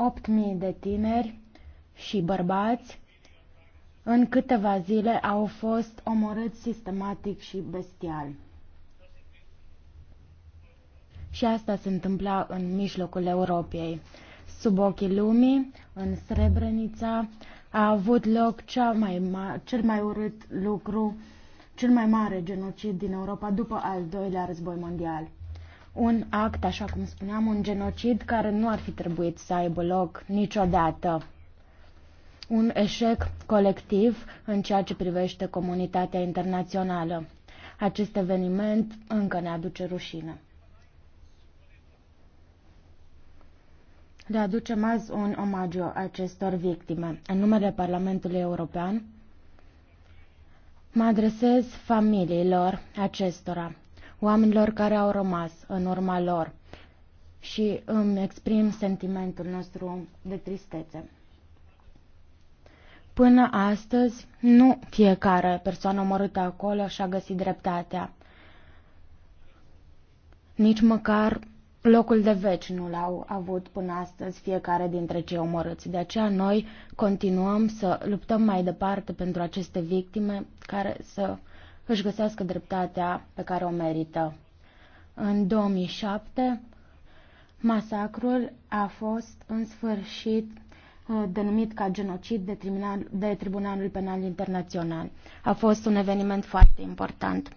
8.000 de tineri și bărbați în câteva zile au fost omorâți sistematic și bestial. Și asta se întâmpla în mijlocul Europei. Sub ochii lumii, în Srebrenica, a avut loc cea mai ma- cel mai urât lucru, cel mai mare genocid din Europa după al doilea război mondial un act, așa cum spuneam, un genocid care nu ar fi trebuit să aibă loc niciodată. Un eșec colectiv în ceea ce privește comunitatea internațională. Acest eveniment încă ne aduce rușine. Le aducem azi un omagiu acestor victime. În numele Parlamentului European, mă adresez familiilor acestora oamenilor care au rămas în urma lor și îmi exprim sentimentul nostru de tristețe. Până astăzi, nu fiecare persoană omorâtă acolo și-a găsit dreptatea. Nici măcar locul de veci nu l-au avut până astăzi fiecare dintre cei omorâți. De aceea noi continuăm să luptăm mai departe pentru aceste victime care să își găsească dreptatea pe care o merită. În 2007, masacrul a fost în sfârșit uh, denumit ca genocid de, tribunal, de Tribunalul Penal Internațional. A fost un eveniment foarte important.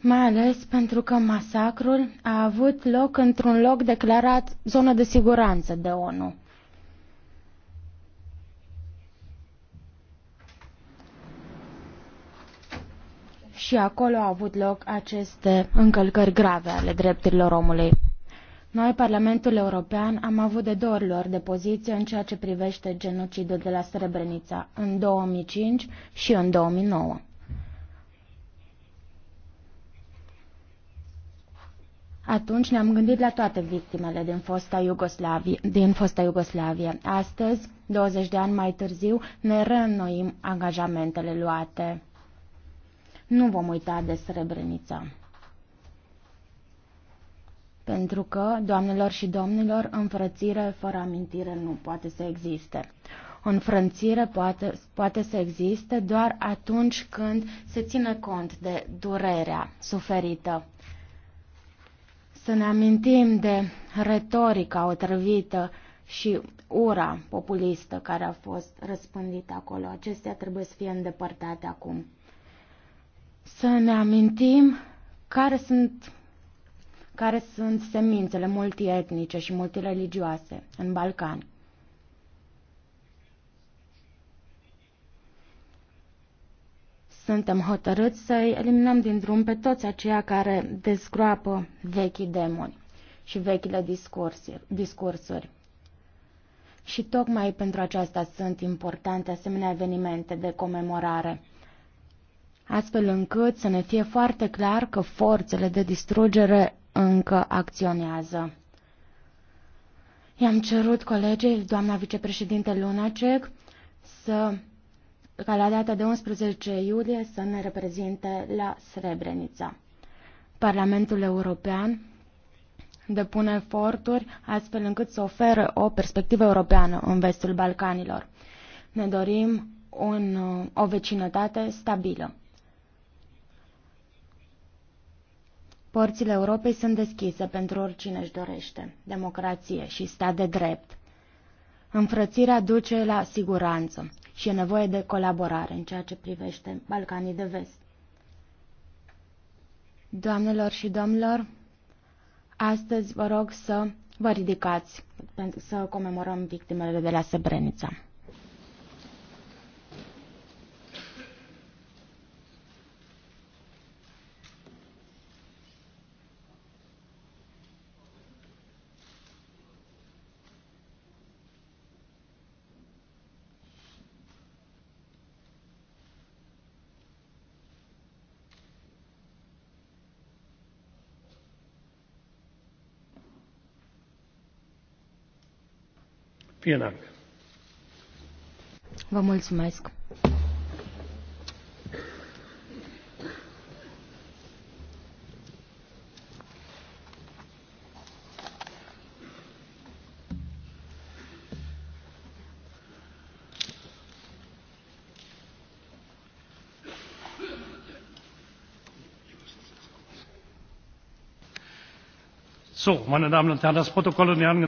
Mai ales pentru că masacrul a avut loc într-un loc declarat zonă de siguranță de ONU. și acolo au avut loc aceste încălcări grave ale drepturilor omului. Noi, Parlamentul European, am avut de două ori de poziție în ceea ce privește genocidul de la Srebrenica, în 2005 și în 2009. Atunci ne-am gândit la toate victimele din fosta, din fosta Iugoslavie. Astăzi, 20 de ani mai târziu, ne reînnoim angajamentele luate. Nu vom uita de Srebrenița. Pentru că, doamnelor și domnilor, înfrățire fără amintire nu poate să existe. O înfrățire poate, poate să existe doar atunci când se ține cont de durerea suferită. Să ne amintim de retorica otrăvită și ura populistă care a fost răspândită acolo. Acestea trebuie să fie îndepărtate acum să ne amintim care sunt, care sunt semințele multietnice și multireligioase în Balcani. Suntem hotărâți să eliminăm din drum pe toți aceia care dezgroapă vechii demoni și vechile discursuri. discursuri. Și tocmai pentru aceasta sunt importante asemenea evenimente de comemorare astfel încât să ne fie foarte clar că forțele de distrugere încă acționează. I-am cerut colegii doamna vicepreședinte Lunacek, să, ca la data de 11 iulie să ne reprezinte la Srebrenica. Parlamentul European depune eforturi astfel încât să ofere o perspectivă europeană în vestul Balcanilor. Ne dorim un, o vecinătate stabilă. Porțile Europei sunt deschise pentru oricine își dorește democrație și stat de drept. Înfrățirea duce la siguranță și e nevoie de colaborare în ceea ce privește Balcanii de Vest. Doamnelor și domnilor, astăzi vă rog să vă ridicați pentru să comemorăm victimele de la Sebrenița. Vă mulțumesc. meine damen und herren das protokoll und die angenommenen